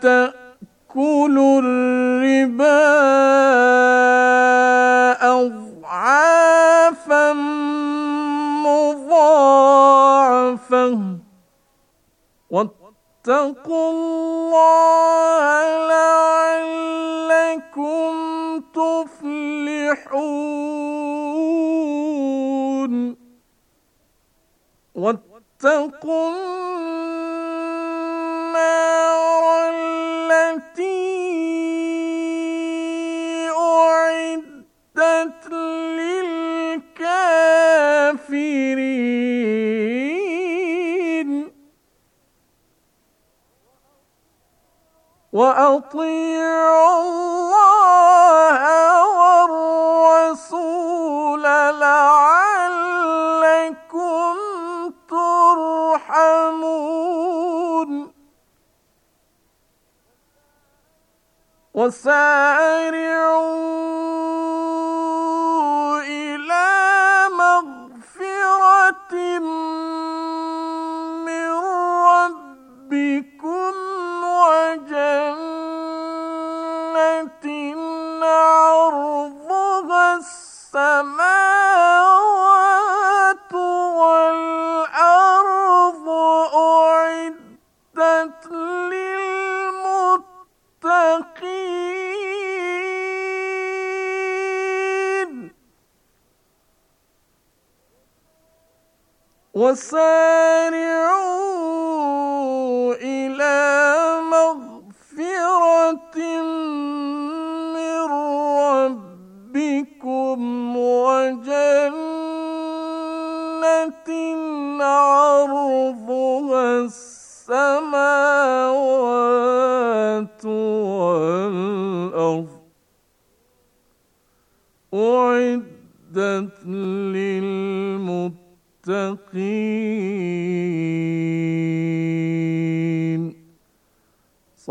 تأكلوا الربا أضعافا مضاعفة واتقوا الله لعلكم تفلحون واتقوا وأطيعوا الله والرسول لعلكم ترحمون وسارعون السماوات والأرض أعدت للمتقين وسارعوا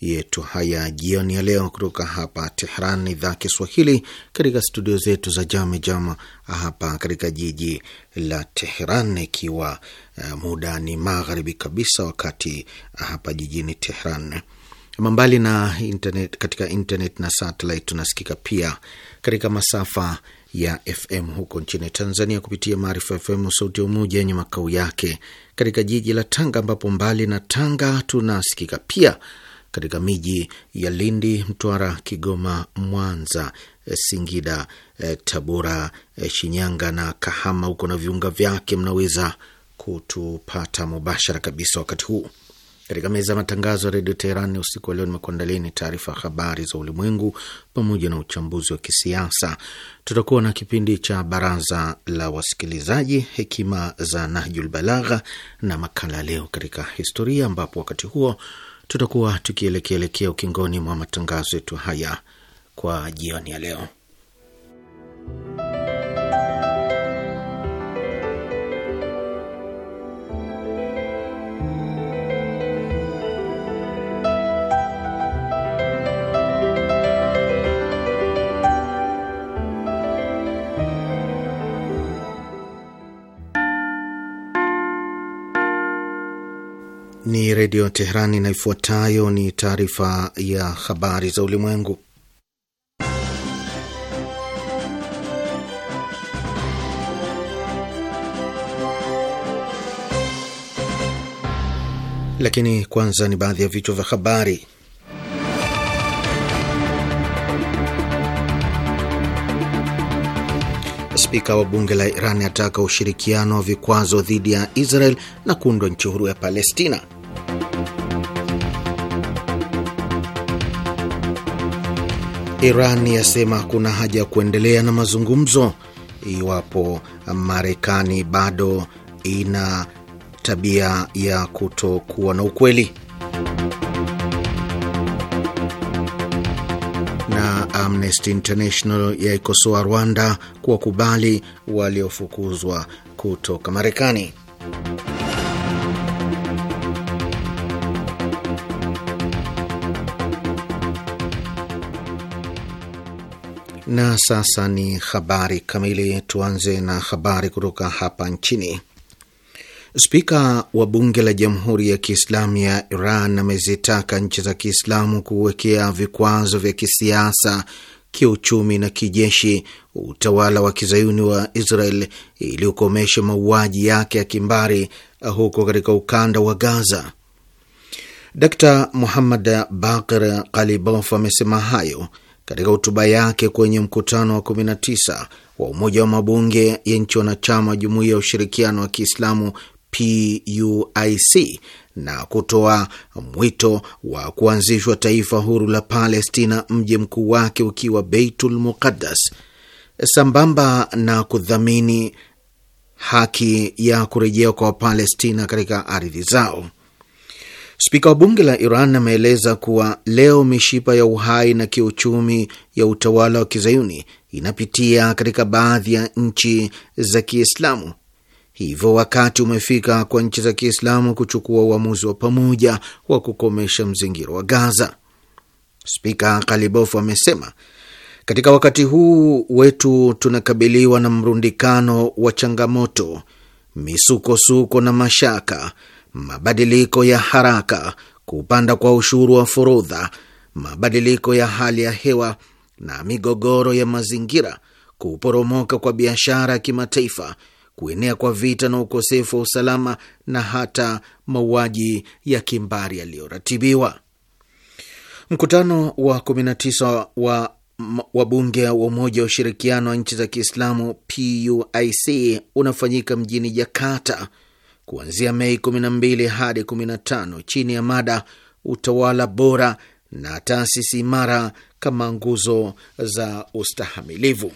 yetu haya jioni ya leo kutoka hapa Tehran, idhaa Kiswahili, katika studio zetu za Jame Jama hapa katika jiji la Tehran, ikiwa eh, muda ni magharibi kabisa, wakati eh, hapa jijini Tehran. Mbali na internet, katika internet na satellite tunasikika pia katika masafa ya FM huko nchini Tanzania kupitia Maarifa FM sauti ya Umoja yenye makao yake katika jiji la Tanga, ambapo mbali na Tanga tunasikika pia katika miji ya Lindi, Mtwara, Kigoma, Mwanza, eh, Singida, eh, Tabora, eh, Shinyanga na Kahama huko na viunga vyake. Mnaweza kutupata mubashara kabisa wakati huu katika meza ya matangazo ya redio Teherani. Usiku wa leo nimekuandalieni taarifa habari za ulimwengu pamoja na uchambuzi wa kisiasa. Tutakuwa na kipindi cha baraza la wasikilizaji, hekima za Nahjul Balagha na makala leo katika historia, ambapo wakati huo tutakuwa tukielekeelekea ukingoni mwa matangazo yetu haya kwa jioni ya leo. Ni Redio Teherani na ifuatayo ni taarifa ya habari za ulimwengu, lakini kwanza ni baadhi ya vichwa vya habari. Spika wa bunge la Iran ataka ushirikiano wa vikwazo dhidi ya Israel na kuundwa nchi huru ya Palestina. Iran yasema kuna haja ya kuendelea na mazungumzo iwapo Marekani bado ina tabia ya kutokuwa na ukweli. Amnesty International yaikosoa Rwanda kuwakubali waliofukuzwa kutoka Marekani. Na sasa ni habari kamili. Tuanze na habari kutoka hapa nchini. Spika wa bunge la Jamhuri ya Kiislamu ya Iran amezitaka nchi za Kiislamu kuwekea vikwazo vya kisiasa, kiuchumi na kijeshi utawala wa kizayuni wa Israel ili ukomeshe mauaji yake ya kimbari huko katika ukanda wa Gaza. Dkt Muhammad Bakr Kalibof amesema hayo katika hotuba yake kwenye mkutano wa 19 wa Umoja wa Mabunge ya Nchi Wanachama Jumuiya ya Ushirikiano wa Kiislamu PUIC na kutoa mwito wa kuanzishwa taifa huru la Palestina, mji mkuu wake ukiwa Beitul Muqaddas, sambamba na kudhamini haki ya kurejea kwa Wapalestina katika ardhi zao. Spika wa bunge la Iran ameeleza kuwa leo mishipa ya uhai na kiuchumi ya utawala wa kizayuni inapitia katika baadhi ya nchi za Kiislamu Hivyo wakati umefika kwa nchi za Kiislamu kuchukua uamuzi wa pamoja wa kukomesha mzingiro wa Gaza. Spika Kalibof amesema katika wakati huu wetu tunakabiliwa na mrundikano wa changamoto, misukosuko na mashaka, mabadiliko ya haraka, kupanda kwa ushuru wa forodha, mabadiliko ya hali ya hewa na migogoro ya mazingira, kuporomoka kwa biashara ya kimataifa kuenea kwa vita na ukosefu wa usalama na hata mauaji ya kimbari yaliyoratibiwa. Mkutano wa 19 wa wabunge wa Umoja wa Ushirikiano wa Nchi za Kiislamu PUIC unafanyika mjini Jakarta kuanzia Mei 12 hadi 15 chini ya mada utawala bora na taasisi imara kama nguzo za ustahamilivu.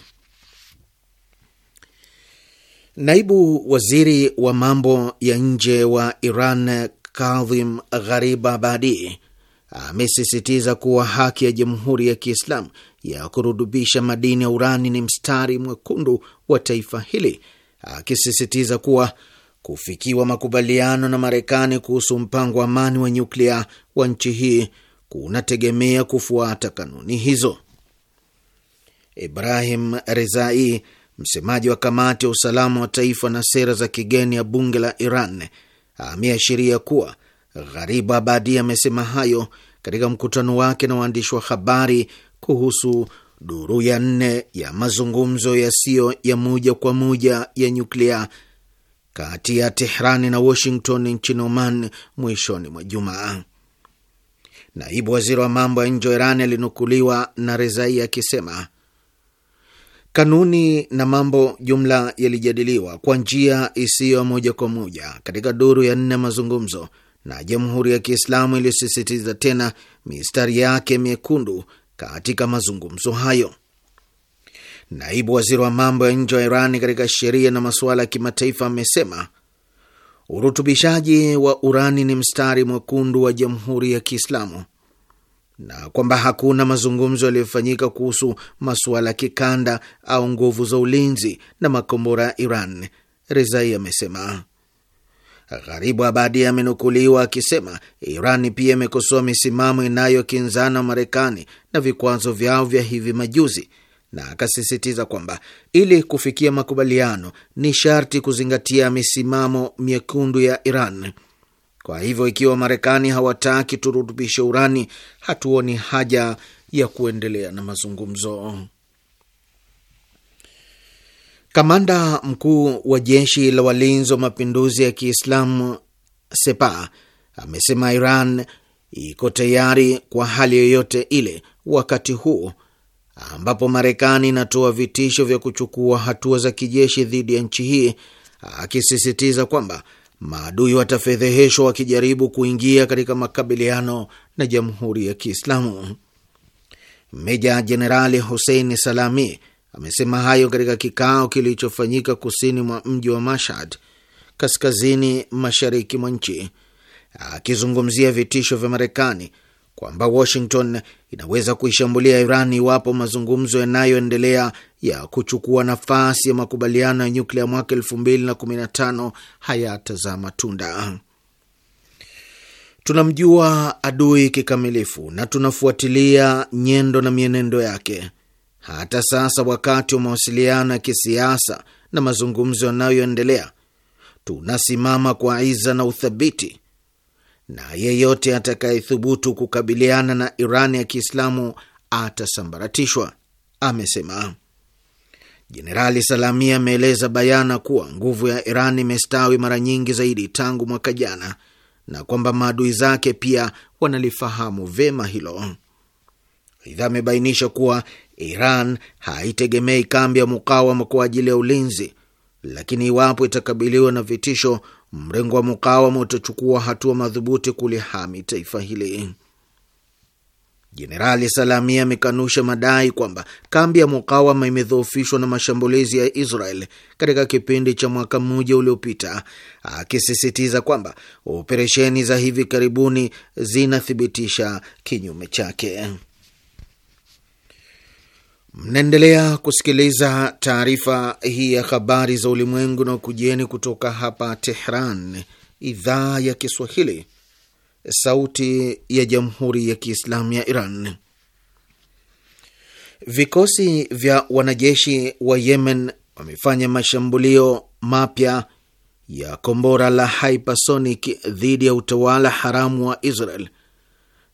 Naibu waziri wa mambo ya nje wa Iran Kadhim Gharib Abadi amesisitiza kuwa haki ya Jamhuri ya Kiislamu ya kurudubisha madini ya urani ni mstari mwekundu wa taifa hili, akisisitiza kuwa kufikiwa makubaliano na Marekani kuhusu mpango wa amani wa nyuklia wa nchi hii kunategemea kufuata kanuni hizo. Ibrahim Rezai Msemaji wa kamati ya usalama wa taifa na sera za kigeni ya bunge la Iran ameashiria kuwa Gharibu Abadi amesema hayo katika mkutano wake na waandishi wa habari kuhusu duru ya nne ya mazungumzo yasiyo ya moja kwa moja ya nyuklia kati ya Tehrani na Washington nchini Oman mwishoni mwa Jumaa. Naibu waziri wa mambo ya nje wa Iran alinukuliwa na Rezai akisema Kanuni na mambo jumla yalijadiliwa kwa njia isiyo moja kwa moja katika duru ya nne ya mazungumzo, na Jamhuri ya Kiislamu ilisisitiza tena mistari yake miekundu katika mazungumzo hayo. Naibu waziri wa mambo ya nje wa Iran katika sheria na masuala ya kimataifa amesema urutubishaji wa urani ni mstari mwekundu wa Jamhuri ya Kiislamu na kwamba hakuna mazungumzo yaliyofanyika kuhusu masuala ya kikanda au nguvu za ulinzi na makombora ya Iran, Rezai amesema. Gharibu Abadi amenukuliwa akisema Iran pia imekosoa misimamo inayokinzana Marekani na vikwazo vyao vya hivi majuzi, na akasisitiza kwamba ili kufikia makubaliano ni sharti kuzingatia misimamo miekundu ya Iran kwa hivyo ikiwa Marekani hawataki turutubishe urani, hatuoni haja ya kuendelea na mazungumzo. Kamanda mkuu wa jeshi la walinzi wa mapinduzi ya Kiislamu Sepa amesema Iran iko tayari kwa hali yoyote ile, wakati huu ambapo Marekani inatoa vitisho vya kuchukua hatua za kijeshi dhidi ya nchi hii, akisisitiza kwamba maadui watafedheheshwa wakijaribu kuingia katika makabiliano na jamhuri ya Kiislamu. Meja Jenerali Hussein Salami amesema hayo katika kikao kilichofanyika kusini mwa mji wa Mashhad, kaskazini mashariki mwa nchi, akizungumzia vitisho vya Marekani kwamba Washington inaweza kuishambulia Iran iwapo mazungumzo yanayoendelea ya kuchukua nafasi ya makubaliano ya nyuklia mwaka elfu mbili na kumi na tano hayatazaa matunda. Tunamjua adui kikamilifu na tunafuatilia nyendo na mienendo yake. Hata sasa, wakati wa mawasiliano ya kisiasa na mazungumzo yanayoendelea, tunasimama kwa iza na uthabiti, na yeyote atakayethubutu kukabiliana na Irani ya Kiislamu atasambaratishwa, amesema. Jenerali Salamia ameeleza bayana kuwa nguvu ya Iran imestawi mara nyingi zaidi tangu mwaka jana na kwamba maadui zake pia wanalifahamu vyema hilo. Aidha, amebainisha kuwa Iran haitegemei kambi ya mukawama kwa ajili ya ulinzi, lakini iwapo itakabiliwa na vitisho, mrengo wa mukawama utachukua hatua madhubuti kulihami taifa hili. Jenerali salami amekanusha madai kwamba kambi ya mukawama imedhoofishwa na mashambulizi ya Israel katika kipindi cha mwaka mmoja uliopita, akisisitiza kwamba operesheni za hivi karibuni zinathibitisha kinyume chake. Mnaendelea kusikiliza taarifa hii ya habari za ulimwengu na kujieni kutoka hapa Tehran, idhaa ya Kiswahili, Sauti ya Jamhuri ya Kiislamu ya Iran. Vikosi vya wanajeshi wa Yemen wamefanya mashambulio mapya ya kombora la hypersonic dhidi ya utawala haramu wa Israel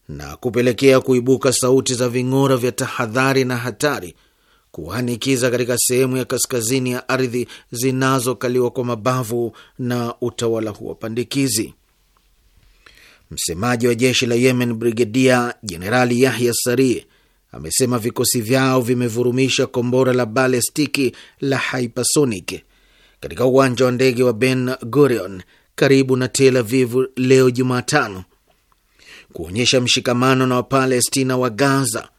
na kupelekea kuibuka sauti za ving'ora vya tahadhari na hatari kuhanikiza katika sehemu ya kaskazini ya ardhi zinazokaliwa kwa mabavu na utawala huo pandikizi. Msemaji wa jeshi la Yemen, Brigedia Jenerali Yahya Sari amesema vikosi vyao vimevurumisha kombora la balestiki la hypersonic katika uwanja wa ndege wa Ben Gurion karibu na Tel Aviv leo Jumatano, kuonyesha mshikamano na Wapalestina wa Gaza,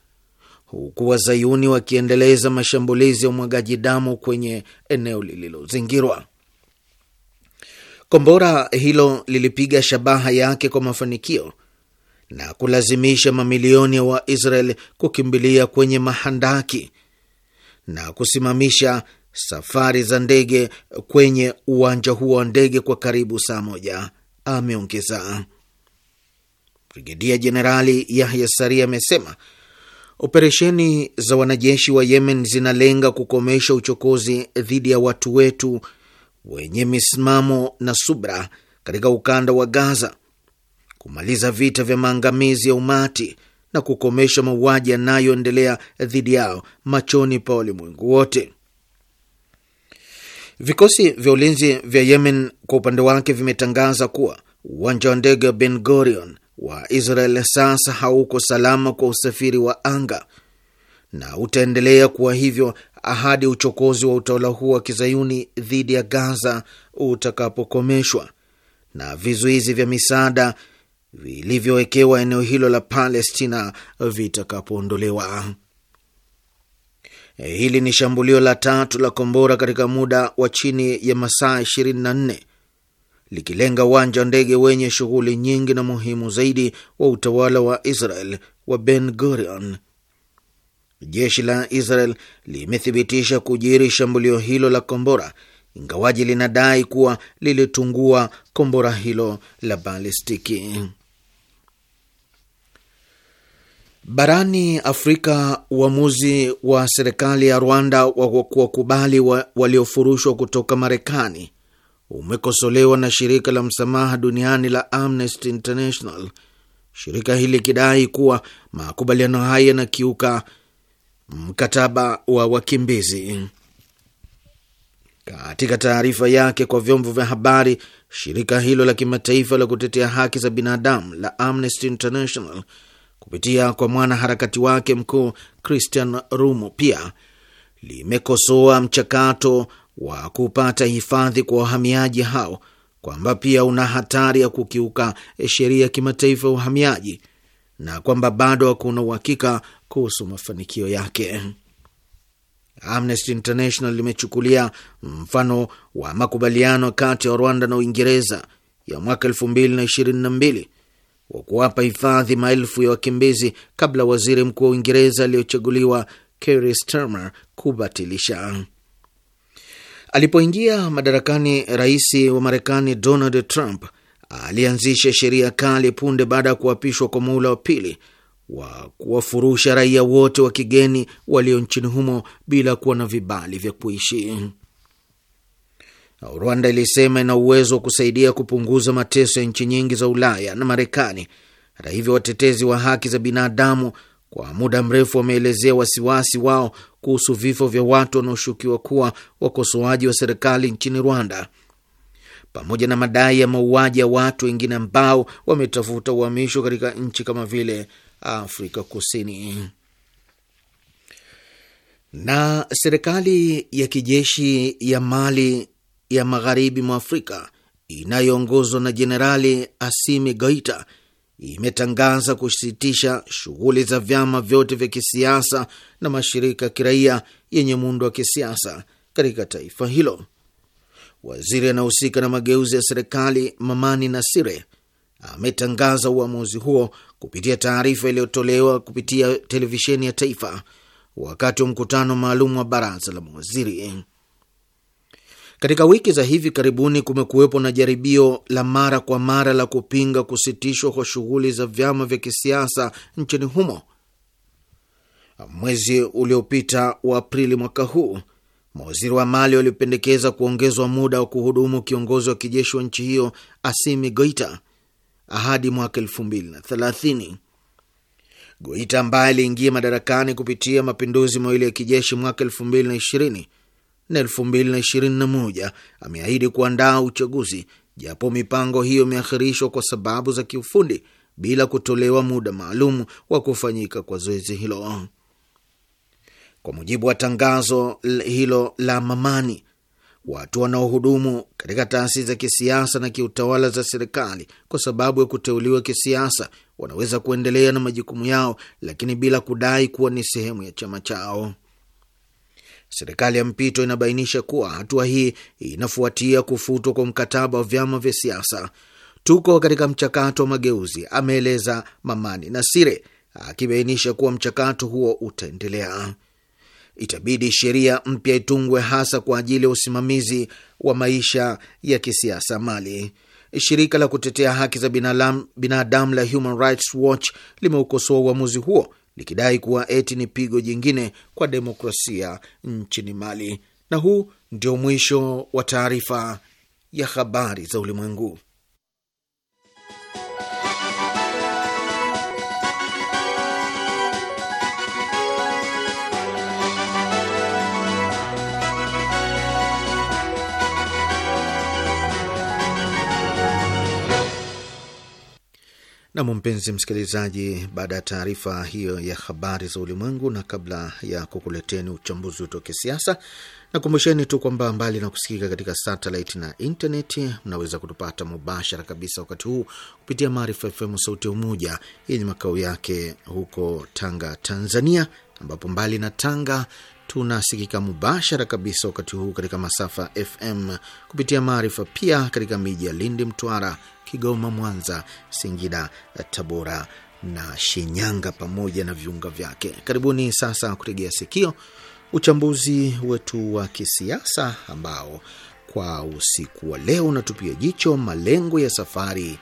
huku wazayuni wakiendeleza mashambulizi ya umwagaji damu kwenye eneo lililozingirwa. Kombora hilo lilipiga shabaha yake kwa mafanikio na kulazimisha mamilioni ya Waisrael kukimbilia kwenye mahandaki na kusimamisha safari za ndege kwenye uwanja huo wa ndege kwa karibu saa moja, ameongeza Brigedia Jenerali Yahya Sari. Amesema operesheni za wanajeshi wa Yemen zinalenga kukomesha uchokozi dhidi ya watu wetu wenye misimamo na subra katika ukanda wa Gaza, kumaliza vita vya maangamizi ya umati na kukomesha mauaji yanayoendelea dhidi yao machoni pa walimwengu wote. Vikosi vya ulinzi vya Yemen kwa upande wake vimetangaza kuwa uwanja wa ndege wa Ben Gurion wa Israel sasa hauko salama kwa usafiri wa anga na utaendelea kuwa hivyo hadi uchokozi wa utawala huo wa kizayuni dhidi ya Gaza utakapokomeshwa na vizuizi vya misaada vilivyowekewa eneo hilo la Palestina vitakapoondolewa. Hili ni shambulio la tatu la kombora katika muda wa chini ya masaa 24 likilenga uwanja wa ndege wenye shughuli nyingi na muhimu zaidi wa utawala wa Israel wa Ben Gurion. Jeshi la Israel limethibitisha kujiri shambulio hilo la kombora, ingawaji linadai kuwa lilitungua kombora hilo la balistiki. Barani Afrika, uamuzi wa serikali ya Rwanda wa kuwakubali waliofurushwa kutoka Marekani umekosolewa na shirika la msamaha duniani la Amnesty International, shirika hili ikidai kuwa makubaliano haya yanakiuka mkataba wa wakimbizi. Katika taarifa yake kwa vyombo vya habari, shirika hilo la kimataifa la kutetea haki za binadamu la Amnesty International kupitia kwa mwanaharakati wake mkuu Christian Rumo pia limekosoa mchakato wa kupata hifadhi kwa wahamiaji hao kwamba pia una hatari ya kukiuka sheria ya kimataifa ya uhamiaji na kwamba bado hakuna uhakika kuhusu mafanikio yake. Amnesty International limechukulia mfano wa makubaliano kati ya Rwanda na Uingereza ya mwaka elfu mbili na ishirini na mbili wa kuwapa hifadhi maelfu ya wakimbizi kabla waziri mkuu wa Uingereza aliyochaguliwa Keir Starmer kubatilisha. Alipoingia madarakani, rais wa Marekani Donald Trump alianzisha sheria kali punde baada ya kuapishwa kwa muhula wa pili wa kuwafurusha raia wote wa kigeni walio nchini humo bila kuwa na vibali vya kuishi. Rwanda ilisema ina uwezo wa kusaidia kupunguza mateso ya nchi nyingi za Ulaya na Marekani. Hata hivyo, watetezi wa haki za binadamu kwa muda mrefu wameelezea wasiwasi wao kuhusu vifo vya watu wanaoshukiwa kuwa wakosoaji wa serikali nchini Rwanda pamoja na madai ya mauaji ya watu wengine ambao wametafuta uhamisho katika nchi kama vile Afrika Kusini. Na serikali ya kijeshi ya Mali ya magharibi mwa Afrika inayoongozwa na Jenerali Asimi Goita imetangaza kusitisha shughuli za vyama vyote vya kisiasa na mashirika ya kiraia yenye muundo wa kisiasa katika taifa hilo waziri anaohusika na mageuzi ya serikali Mamani Nasire ametangaza uamuzi huo kupitia taarifa iliyotolewa kupitia televisheni ya taifa wakati wa mkutano maalum wa baraza la mawaziri. Katika wiki za hivi karibuni kumekuwepo na jaribio la mara kwa mara la kupinga kusitishwa kwa shughuli za vyama vya kisiasa nchini humo. Mwezi uliopita wa Aprili mwaka huu Mawaziri wa Mali walipendekeza kuongezwa muda wa kuhudumu kiongozi wa kijeshi wa nchi hiyo Asimi Goita hadi mwaka elfu mbili na thelathini. Goita ambaye aliingia madarakani kupitia mapinduzi mawili ya kijeshi mwaka elfu mbili na ishirini na elfu mbili na ishirini na moja ameahidi kuandaa uchaguzi, japo mipango hiyo imeahirishwa kwa sababu za kiufundi bila kutolewa muda maalum wa kufanyika kwa zoezi hilo. Kwa mujibu wa tangazo hilo la Mamani, watu wanaohudumu katika taasisi za kisiasa na kiutawala za serikali kwa sababu ya kuteuliwa kisiasa wanaweza kuendelea na majukumu yao, lakini bila kudai kuwa ni sehemu ya chama chao. Serikali ya mpito inabainisha kuwa hatua hii inafuatia kufutwa kwa mkataba wa vyama vya siasa. Tuko katika mchakato wa mageuzi, ameeleza Mamani Nasire, akibainisha kuwa mchakato huo utaendelea itabidi sheria mpya itungwe hasa kwa ajili ya usimamizi wa maisha ya kisiasa Mali. Shirika la kutetea haki za binadamu la Human Rights Watch limeukosoa uamuzi huo likidai kuwa eti ni pigo jingine kwa demokrasia nchini Mali. Na huu ndio mwisho wa taarifa ya habari za ulimwengu. Nam, mpenzi msikilizaji, baada ya taarifa hiyo ya habari za ulimwengu na kabla ya kukuleteni uchambuzi wetu wa kisiasa, nakumbusheni tu kwamba mbali na kusikika katika satellite na intaneti, mnaweza kutupata mubashara kabisa wakati huu kupitia Maarifa FM Sauti ya Umoja yenye makao yake huko Tanga, Tanzania, ambapo mbali na Tanga tunasikika mubashara kabisa wakati huu katika masafa FM kupitia Maarifa, pia katika miji ya Lindi, Mtwara, Kigoma, Mwanza, Singida, Tabora na Shinyanga pamoja na viunga vyake. Karibuni sasa kutegea sikio uchambuzi wetu wa kisiasa ambao kwa usiku wa leo unatupia jicho malengo ya safari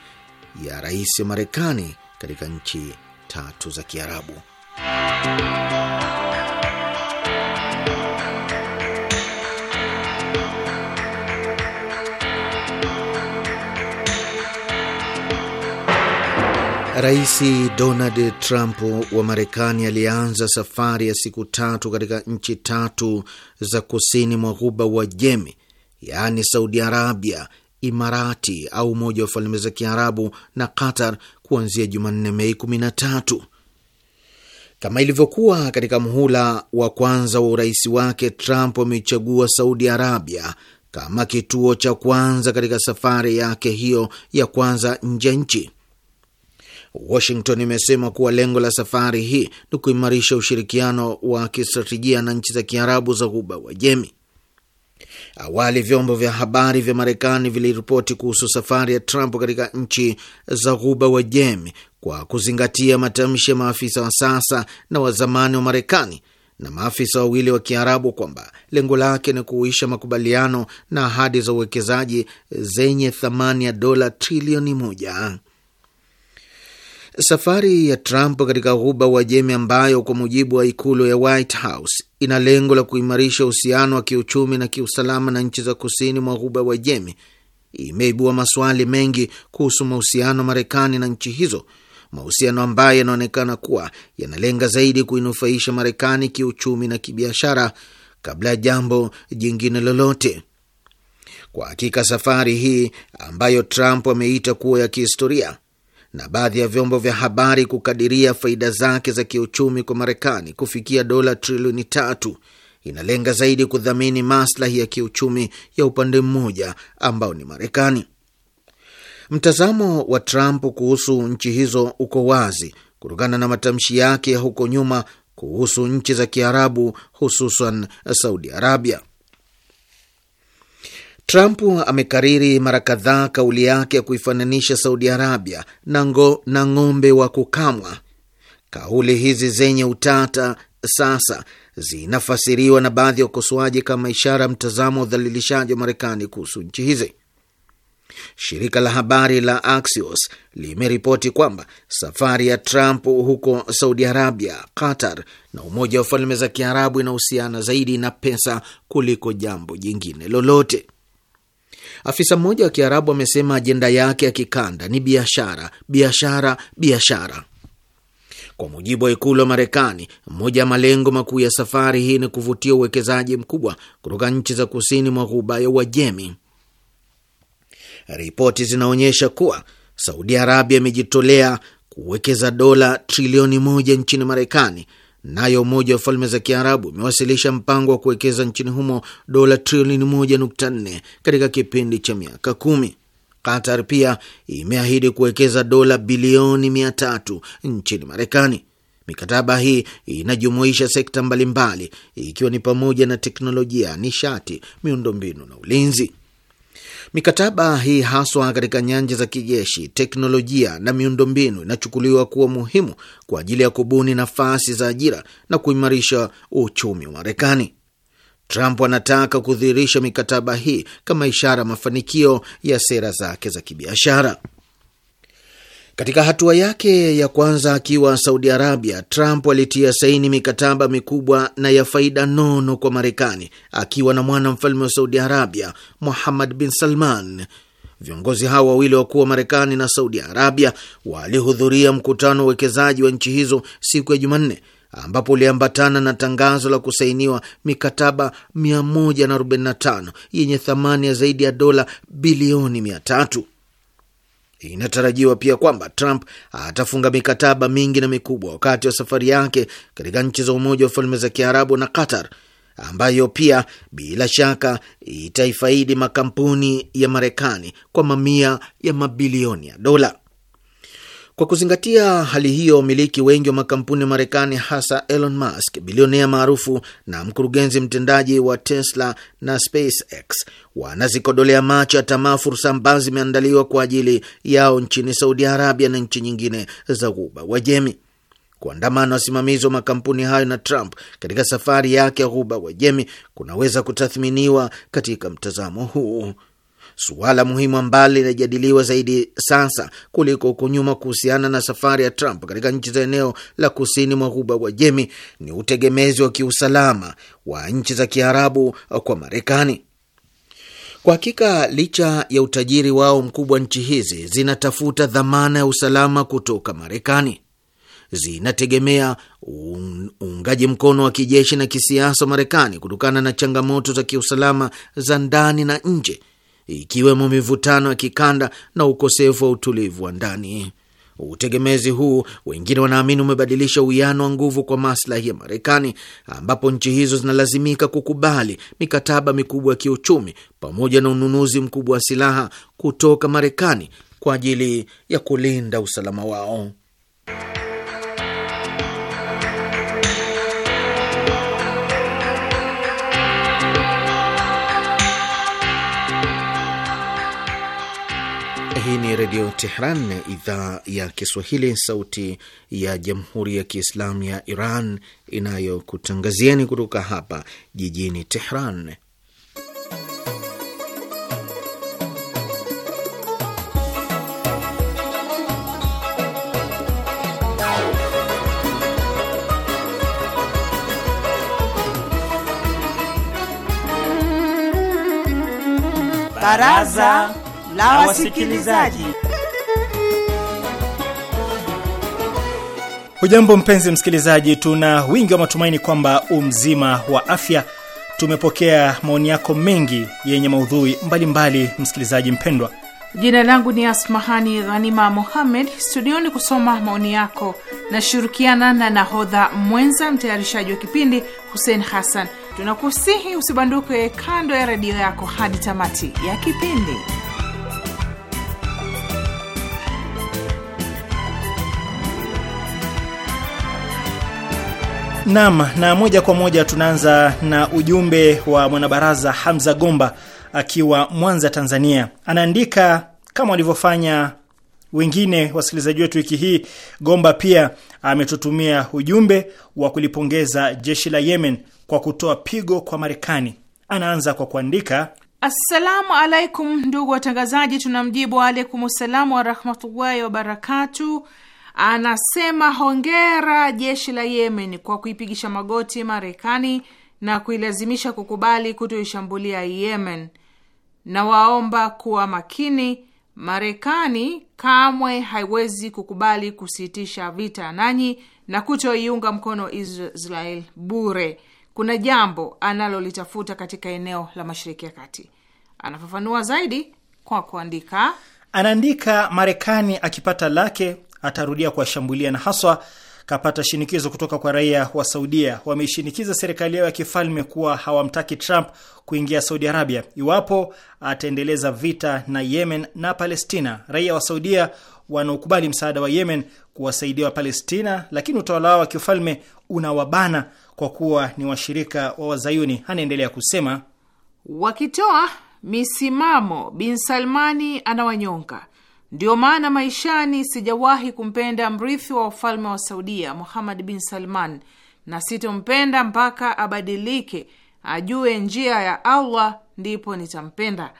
ya rais wa Marekani katika nchi tatu za Kiarabu. Rais Donald Trump wa Marekani alianza safari ya siku tatu katika nchi tatu za kusini mwa ghuba Uajemi, yaani Saudi Arabia, Imarati au Umoja wa Falme za Kiarabu na Qatar kuanzia Jumanne, Mei 13. Kama ilivyokuwa katika mhula wa kwanza wa urais wake, Trump ameichagua Saudi Arabia kama kituo cha kwanza katika safari yake hiyo ya kwanza nje ya nchi. Washington imesema kuwa lengo la safari hii ni kuimarisha ushirikiano wa kistratejia na nchi za Kiarabu za Ghuba Wajemi. Awali vyombo vya habari vya Marekani viliripoti kuhusu safari ya Trump katika nchi za Ghuba Wajemi kwa kuzingatia matamshi ya maafisa wa sasa na wa zamani wa Marekani na maafisa wawili wa Kiarabu kwamba lengo lake ni kuisha makubaliano na ahadi za uwekezaji zenye thamani ya dola trilioni moja. Safari ya Trump katika ghuba Jemi, ambayo kwa mujibu wa ikulu ya White House ina lengo la kuimarisha uhusiano wa kiuchumi na kiusalama na nchi za kusini mwa ghuba Jemi, imeibua maswali mengi kuhusu mahusiano Marekani na nchi hizo, mahusiano ambayo yanaonekana kuwa yanalenga zaidi kuinufaisha Marekani kiuchumi na kibiashara kabla ya jambo jingine lolote. Kwa hakika safari hii ambayo Trump ameita kuwa ya kihistoria na baadhi ya vyombo vya habari kukadiria faida zake za kiuchumi kwa Marekani kufikia dola trilioni tatu inalenga zaidi kudhamini maslahi ya kiuchumi ya upande mmoja ambao ni Marekani. Mtazamo wa Trump kuhusu nchi hizo uko wazi kutokana na matamshi yake ya huko nyuma kuhusu nchi za Kiarabu, hususan Saudi Arabia. Trump amekariri mara kadhaa kauli yake ya kuifananisha Saudi Arabia na ngo, na ng'ombe wa kukamwa. Kauli hizi zenye utata sasa zinafasiriwa na baadhi ya ukosoaji kama ishara ya mtazamo wa udhalilishaji wa Marekani kuhusu nchi hizi. Shirika la habari la Axios limeripoti kwamba safari ya Trump huko Saudi Arabia, Qatar na Umoja wa Falme za Kiarabu inahusiana zaidi na pesa kuliko jambo jingine lolote. Afisa mmoja wa Kiarabu amesema ajenda yake ya kikanda ni biashara, biashara, biashara. Kwa mujibu wa ikulu wa Marekani, moja ya malengo makuu ya safari hii ni kuvutia uwekezaji mkubwa kutoka nchi za kusini mwa ghuba ya Uajemi. Ripoti zinaonyesha kuwa Saudi Arabia imejitolea kuwekeza dola trilioni moja nchini Marekani Nayo Umoja wa Falme za Kiarabu umewasilisha mpango wa kuwekeza nchini humo dola trilioni 1.4 katika kipindi cha miaka kumi. Qatar pia imeahidi kuwekeza dola bilioni 300 nchini Marekani. Mikataba hii inajumuisha sekta mbalimbali, ikiwa ni pamoja na teknolojia, nishati, miundombinu na ulinzi. Mikataba hii haswa katika nyanja za kijeshi, teknolojia na miundombinu inachukuliwa kuwa muhimu kwa ajili ya kubuni nafasi za ajira na kuimarisha uchumi wa Marekani. Trump anataka kudhihirisha mikataba hii kama ishara mafanikio ya sera zake za kibiashara. Katika hatua yake ya kwanza akiwa Saudi Arabia, Trump alitia saini mikataba mikubwa na ya faida nono kwa Marekani akiwa na mwana mfalme wa Saudi Arabia Muhammad bin Salman. Viongozi hao wawili wakuu wa Marekani na Saudi Arabia walihudhuria mkutano wa uwekezaji wa nchi hizo siku ya Jumanne, ambapo uliambatana na tangazo la kusainiwa mikataba 145 yenye thamani ya zaidi ya dola bilioni 300. Inatarajiwa pia kwamba Trump atafunga mikataba mingi na mikubwa wakati wa safari yake katika nchi za Umoja wa Falme za Kiarabu na Qatar, ambayo pia bila shaka itaifaidi makampuni ya Marekani kwa mamia ya mabilioni ya dola. Kwa kuzingatia hali hiyo, wamiliki wengi wa makampuni ya Marekani, hasa Elon Musk, bilionea maarufu na mkurugenzi mtendaji wa Tesla na SpaceX, wanazikodolea macho ya tamaa fursa ambazo zimeandaliwa kwa ajili yao nchini Saudi Arabia na nchi nyingine za Ghuba Wajemi. Kuandamana wasimamizi wa makampuni hayo na Trump katika safari yake ya Ghuba Wajemi kunaweza kutathminiwa katika mtazamo huu suala muhimu ambalo linajadiliwa zaidi sasa kuliko huko nyuma kuhusiana na safari ya Trump katika nchi za eneo la kusini mwa ghuba Jemi ni utegemezi wa kiusalama wa nchi za Kiarabu kwa Marekani. Kwa hakika, licha ya utajiri wao mkubwa, nchi hizi zinatafuta dhamana ya usalama kutoka Marekani. Zinategemea uungaji mkono wa kijeshi na kisiasa wa Marekani kutokana na changamoto za kiusalama za ndani na nje ikiwemo mivutano ya kikanda na ukosefu wa utulivu wa ndani. Utegemezi huu wengine wanaamini umebadilisha uwiano wa nguvu kwa maslahi ya Marekani, ambapo nchi hizo zinalazimika kukubali mikataba mikubwa ya kiuchumi pamoja na ununuzi mkubwa wa silaha kutoka Marekani kwa ajili ya kulinda usalama wao. Hii ni Redio Tehran, idhaa ya Kiswahili, sauti ya Jamhuri ya Kiislamu ya Iran inayokutangazieni kutoka hapa jijini Tehran. Baraza la wasikilizaji. Hujambo mpenzi msikilizaji, tuna wingi wa matumaini kwamba umzima wa afya. Tumepokea maoni yako mengi yenye maudhui mbalimbali mbali, msikilizaji mpendwa. Jina langu ni Asmahani Ghanima Mohamed, studioni kusoma maoni yako. Nashirikiana na nahodha mwenza, mtayarishaji wa kipindi Hussein Hassan. Tunakusihi usibanduke kando ya redio yako hadi tamati ya kipindi. Nam na moja kwa moja tunaanza na ujumbe wa mwanabaraza Hamza Gomba akiwa Mwanza, Tanzania. Anaandika kama walivyofanya wengine wasikilizaji wetu wiki hii. Gomba pia ametutumia ujumbe wa kulipongeza jeshi la Yemen kwa kutoa pigo kwa Marekani. Anaanza kwa kuandika Assalamu alaikum, ndugu watangazaji. Tunamjibu waalaikum assalamu warahmatullahi wabarakatu anasema hongera jeshi la Yemen kwa kuipigisha magoti Marekani na kuilazimisha kukubali kutoishambulia Yemen, na waomba kuwa makini. Marekani kamwe haiwezi kukubali kusitisha vita nanyi na kutoiunga mkono Israel bure. Kuna jambo analolitafuta katika eneo la Mashariki ya Kati. Anafafanua zaidi kwa kuandika, anaandika Marekani akipata lake atarudia kuwashambulia, na haswa kapata shinikizo kutoka kwa raia wa Saudia. Wameishinikiza serikali yao ya kifalme kuwa hawamtaki Trump kuingia Saudi Arabia iwapo ataendeleza vita na Yemen na Palestina. Raia wa Saudia wanaokubali msaada wa Yemen kuwasaidia wa Palestina, lakini utawala wao wa kifalme unawabana kwa kuwa ni washirika wa Wazayuni. Anaendelea kusema wakitoa misimamo, Bin Salmani anawanyonga Ndiyo maana maishani sijawahi kumpenda mrithi wa ufalme wa Saudia, Muhammad bin Salman, na sitompenda mpaka abadilike, ajue njia ya Allah, ndipo nitampenda,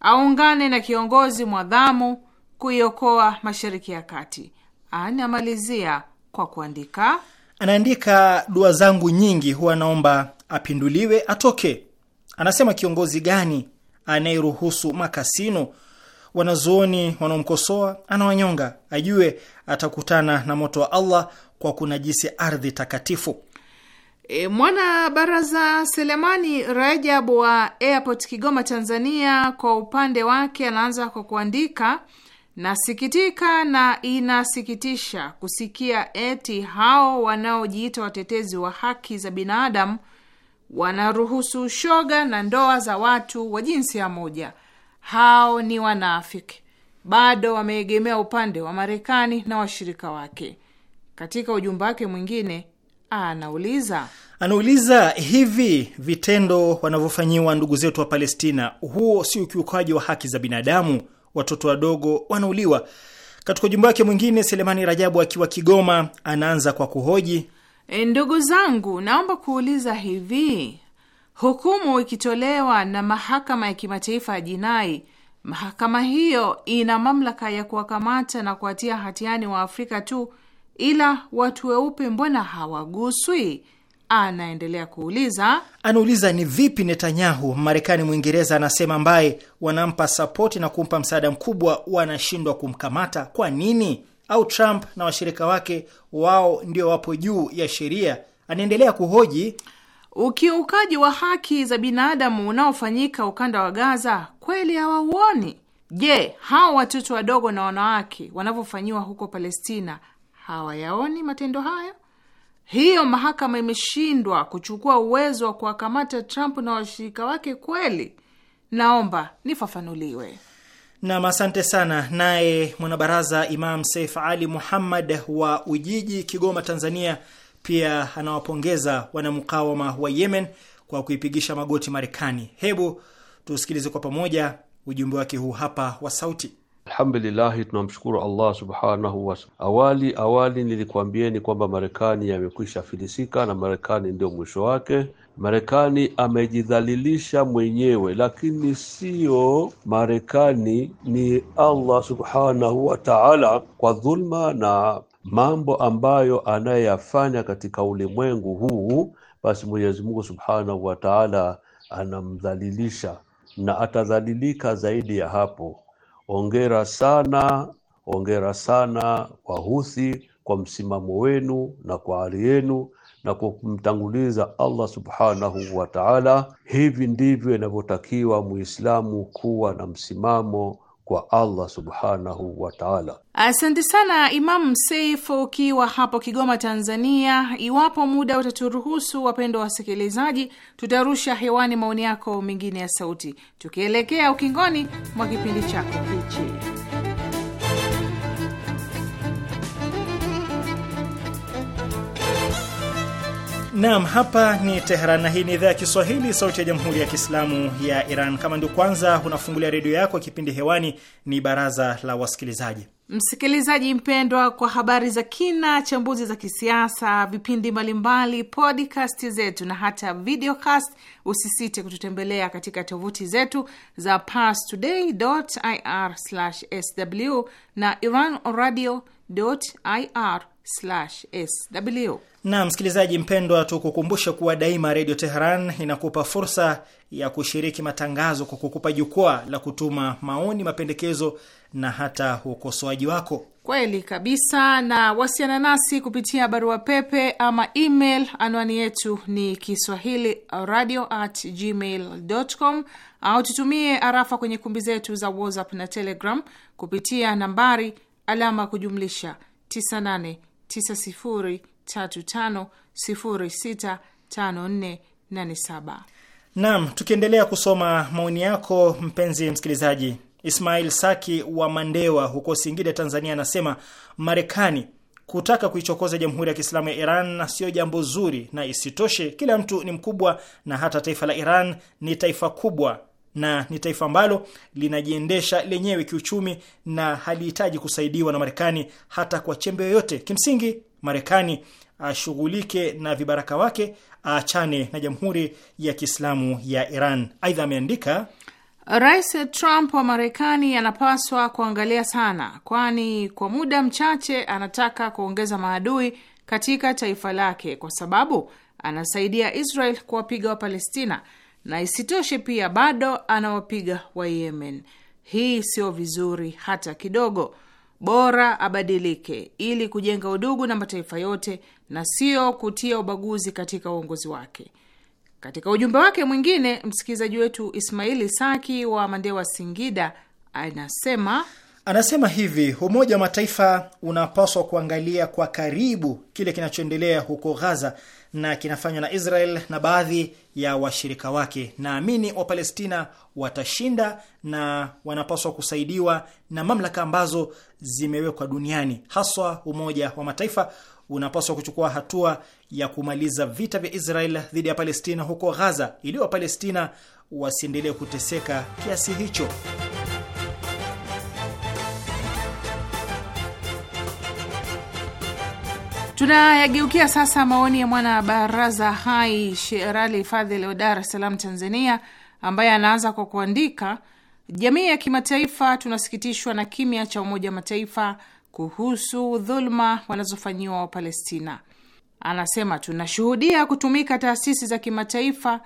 aungane na kiongozi mwadhamu kuiokoa Mashariki ya Kati. Anamalizia kwa kuandika, anaandika, dua zangu nyingi huwa naomba apinduliwe, atoke. Anasema, kiongozi gani anayeruhusu makasino wanazuoni wanaomkosoa anawanyonga, ajue atakutana na moto wa Allah kwa kunajisi ardhi takatifu. E, mwana baraza Selemani Rajab wa Airport Kigoma, Tanzania, kwa upande wake anaanza kwa kuandika, nasikitika na inasikitisha kusikia eti hao wanaojiita watetezi wa haki za binadamu wanaruhusu shoga na ndoa za watu wa jinsia moja hao ni wanafiki, bado wameegemea upande wa Marekani na washirika wake. Katika ujumbe wake mwingine anauliza anauliza hivi vitendo wanavyofanyiwa ndugu zetu wa Palestina, huo si ukiukaji wa haki za binadamu? Watoto wadogo wanauliwa. Katika ujumbe wake mwingine, Selemani Rajabu akiwa Kigoma anaanza kwa kuhoji, e, ndugu zangu, naomba kuuliza hivi hukumu ikitolewa na mahakama ya kimataifa ya jinai, mahakama hiyo ina mamlaka ya kuwakamata na kuwatia hatiani wa Afrika tu, ila watu weupe mbona hawaguswi? Anaendelea kuuliza, anauliza ni vipi Netanyahu, Marekani Mwingereza anasema, ambaye wanampa sapoti na kumpa msaada mkubwa, wanashindwa kumkamata kwa nini? Au Trump na washirika wake wao ndio wapo juu ya sheria? Anaendelea kuhoji ukiukaji wa haki za binadamu unaofanyika ukanda wa Gaza kweli hawauoni? Je, hao watoto wadogo na wanawake wanavyofanyiwa huko Palestina hawayaoni matendo hayo? Hiyo mahakama imeshindwa kuchukua uwezo wa kuwakamata Trump na washirika wake kweli? Naomba nifafanuliwe. Nam, asante sana. Naye mwanabaraza Imam Saif Ali Muhammad wa Ujiji, Kigoma, Tanzania pia anawapongeza wanamkawama wa Yemen kwa kuipigisha magoti Marekani. Hebu tusikilize kwa pamoja ujumbe wake huu hapa wa sauti. Alhamdulillahi, tunamshukuru Allah subhanahu wa ta'ala. Awali awali nilikuambieni kwamba Marekani yamekwisha filisika na Marekani ndio mwisho wake. Marekani amejidhalilisha mwenyewe, lakini siyo Marekani, ni Allah subhanahu wa ta'ala kwa dhulma na mambo ambayo anayeyafanya katika ulimwengu huu, basi Mwenyezi Mungu Subhanahu wa Ta'ala anamdhalilisha na atadhalilika zaidi ya hapo. Ongera sana, ongera sana Wahuthi kwa msimamo wenu na kwa hali yenu na kwa kumtanguliza Allah Subhanahu wa Ta'ala. Hivi ndivyo inavyotakiwa Muislamu kuwa na msimamo kwa Allah subhanahu wa taala. Asante sana Imamu Seif, ukiwa hapo Kigoma, Tanzania. Iwapo muda utaturuhusu, wapendwa wasikilizaji, tutarusha hewani maoni yako mengine ya sauti tukielekea ukingoni mwa kipindi chako hichi. Naam, hapa ni Teheran na hii ni idhaa ya Kiswahili, sauti ya jamhuri ya kiislamu ya Iran. Kama ndio kwanza unafungulia redio yako, kipindi hewani ni baraza la wasikilizaji. Msikilizaji mpendwa, kwa habari za kina, chambuzi za kisiasa, vipindi mbalimbali, podcast zetu na hata videocast, usisite kututembelea katika tovuti zetu za parstoday.ir/sw na iranradio.ir sw. Na msikilizaji mpendwa, tukukumbushe kuwa daima Redio Teheran inakupa fursa ya kushiriki matangazo kwa kukupa jukwaa la kutuma maoni, mapendekezo na hata ukosoaji wako. Kweli kabisa, na wasiana nasi kupitia barua pepe ama email. Anwani yetu ni kiswahili radio at gmail com, au tutumie arafa kwenye kumbi zetu za WhatsApp na Telegram kupitia nambari alama kujumlisha 98 9035065487. Naam, tukiendelea kusoma maoni yako mpenzi msikilizaji, Ismail Saki wa Mandewa huko Singida, Tanzania, anasema Marekani kutaka kuichokoza Jamhuri ya Kiislamu ya Iran sio jambo zuri, na isitoshe kila mtu ni mkubwa, na hata taifa la Iran ni taifa kubwa na ni taifa ambalo linajiendesha lenyewe kiuchumi na halihitaji kusaidiwa na Marekani hata kwa chembe yoyote. Kimsingi, Marekani ashughulike na vibaraka wake, aachane na Jamhuri ya Kiislamu ya Iran. Aidha ameandika Rais Trump wa Marekani anapaswa kuangalia sana, kwani kwa muda mchache anataka kuongeza maadui katika taifa lake, kwa sababu anasaidia Israel kuwapiga Wapalestina na isitoshe pia bado anawapiga wa Yemen. Hii sio vizuri hata kidogo. Bora abadilike ili kujenga udugu na mataifa yote na sio kutia ubaguzi katika uongozi wake. Katika ujumbe wake mwingine, msikilizaji wetu Ismaili Saki wa Mandewa, Singida, anasema Anasema hivi, Umoja wa Mataifa unapaswa kuangalia kwa karibu kile kinachoendelea huko Gaza na kinafanywa na Israel na baadhi ya washirika wake. Naamini Wapalestina watashinda na wanapaswa kusaidiwa na mamlaka ambazo zimewekwa duniani, haswa Umoja wa Mataifa unapaswa kuchukua hatua ya kumaliza vita vya Israel dhidi ya Palestina huko Gaza ili Wapalestina wasiendelee kuteseka kiasi hicho. Tunayageukia sasa maoni ya mwana baraza hai Sherali Fadhil wa Dar es Salaam, Tanzania, ambaye anaanza kwa kuandika: jamii ya kimataifa, tunasikitishwa na kimya cha Umoja wa Mataifa kuhusu dhuluma wanazofanyiwa Wapalestina. Anasema tunashuhudia kutumika taasisi za kimataifa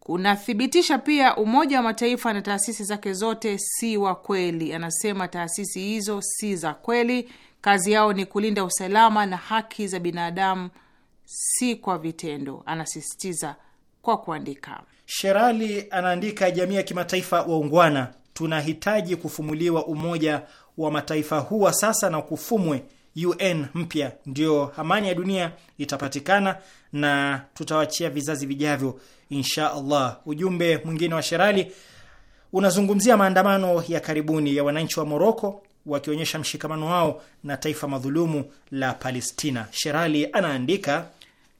kunathibitisha pia Umoja wa Mataifa na taasisi zake zote si wa kweli. Anasema taasisi hizo si za kweli, Kazi yao ni kulinda usalama na haki za binadamu, si kwa vitendo, anasisitiza kwa kuandika. Sherali anaandika, jamii ya kimataifa waungwana, tunahitaji kufumuliwa Umoja wa Mataifa huwa sasa na kufumwe UN mpya, ndio amani ya dunia itapatikana na tutawachia vizazi vijavyo, insha Allah. Ujumbe mwingine wa Sherali unazungumzia maandamano ya karibuni ya wananchi wa Moroko wakionyesha mshikamano wao na taifa madhulumu la Palestina. Sherali anaandika,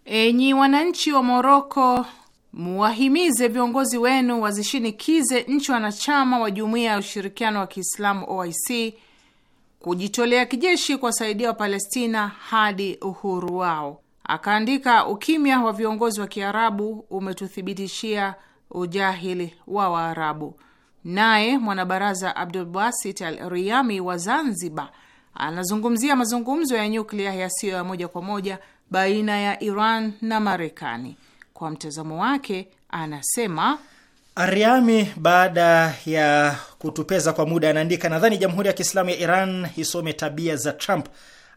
enyi wananchi wa Moroko, muwahimize viongozi wenu wazishinikize nchi wanachama wa Jumuiya ya Ushirikiano wa Kiislamu OIC kujitolea kijeshi kuwasaidia Wapalestina hadi uhuru wao. Akaandika, ukimya wa viongozi wa Kiarabu umetuthibitishia ujahili wa Waarabu. Naye mwanabaraza Abdul Basit Al Riami wa Zanzibar anazungumzia mazungumzo ya nyuklia yasiyo ya moja kwa moja baina ya Iran na Marekani. Kwa mtazamo wake, anasema Ariami, baada ya kutupeza kwa muda, anaandika, nadhani jamhuri ya Kiislamu ya Iran isome tabia za Trump.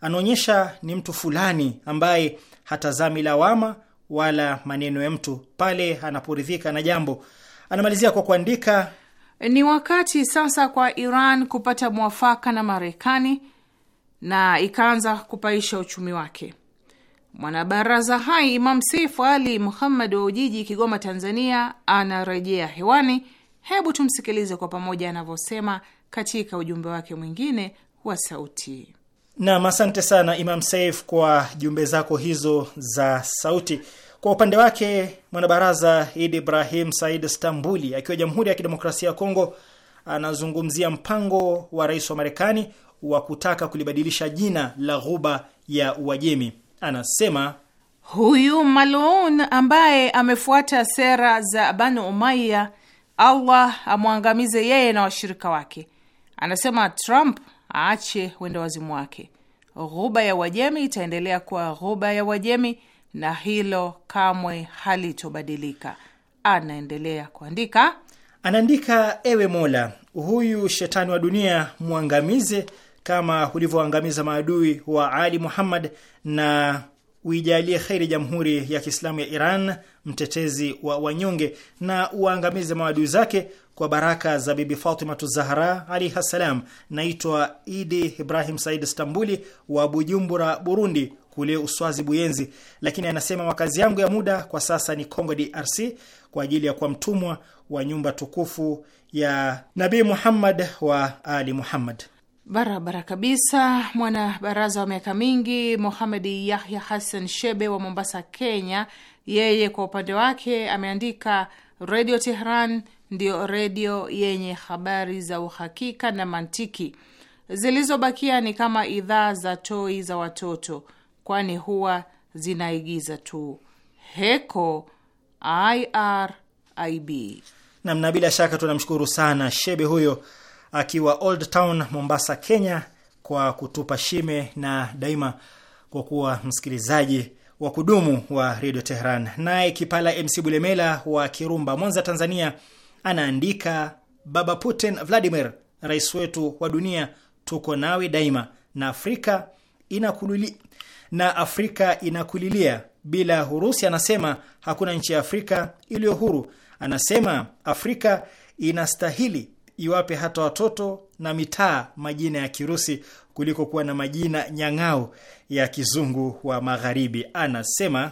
Anaonyesha ni mtu fulani ambaye hatazami lawama wala maneno ya mtu pale anaporidhika na jambo. Anamalizia kwa kuandika ni wakati sasa kwa Iran kupata mwafaka na Marekani na ikaanza kupaisha uchumi wake. Mwanabaraza hai Imam Sifu Ali Muhammad wa Ujiji, Kigoma, Tanzania, anarejea hewani. Hebu tumsikilize kwa pamoja anavyosema katika ujumbe wake mwingine wa sauti. Nam, asante sana Imam Saif kwa jumbe zako hizo za sauti. Kwa upande wake mwanabaraza Idi Ibrahim Said Stambuli akiwa Jamhuri ya Kidemokrasia ya Kongo anazungumzia mpango wa rais wa Marekani wa kutaka kulibadilisha jina la ghuba ya Uajemi. Anasema huyu Malun ambaye amefuata sera za Banu Umaya, Allah amwangamize yeye na washirika wake. Anasema Trump aache wazimu wake. Ghuba ya Uajemi itaendelea kuwa ghuba ya Uajemi na hilo kamwe halitobadilika. Anaendelea kuandika, anaandika: ewe Mola, huyu shetani wa dunia mwangamize kama ulivyoangamiza maadui wa Ali Muhammad na uijalie kheri Jamhuri ya Kiislamu ya Iran, mtetezi wa wanyonge, na uwaangamize maadui zake kwa baraka za Bibi Fatimatu Zahra alaihi ssalam. Naitwa Idi Ibrahim Said Stambuli wa Bujumbura, Burundi, kule Uswazi Buyenzi, lakini anasema makazi yangu ya muda kwa sasa ni Congo DRC kwa ajili ya kuwa mtumwa wa nyumba tukufu ya Nabii Muhammad wa Ali Muhammad. Barabara kabisa. Mwanabaraza wa miaka mingi Mohamed Yahya Hassan Shebe wa Mombasa, Kenya, yeye kwa upande wake ameandika, Redio Tehran ndiyo redio yenye habari za uhakika na mantiki. Zilizobakia ni kama idhaa za toi za watoto, kwani huwa zinaigiza tu. Heko IRIB namna. Bila shaka tunamshukuru sana Shebe huyo akiwa Old Town Mombasa, Kenya, kwa kutupa shime na daima kwa kuwa msikilizaji wa kudumu wa redio Tehran. Naye Kipala MC Bulemela wa Kirumba, Mwanza, Tanzania, anaandika Baba Putin, Vladimir rais wetu wa dunia, tuko nawe daima na Afrika inakulili na Afrika inakulilia bila urusi Anasema hakuna nchi ya Afrika iliyo huru. Anasema Afrika inastahili iwape hata watoto na mitaa majina ya Kirusi kuliko kuwa na majina nyang'ao ya kizungu wa Magharibi, anasema.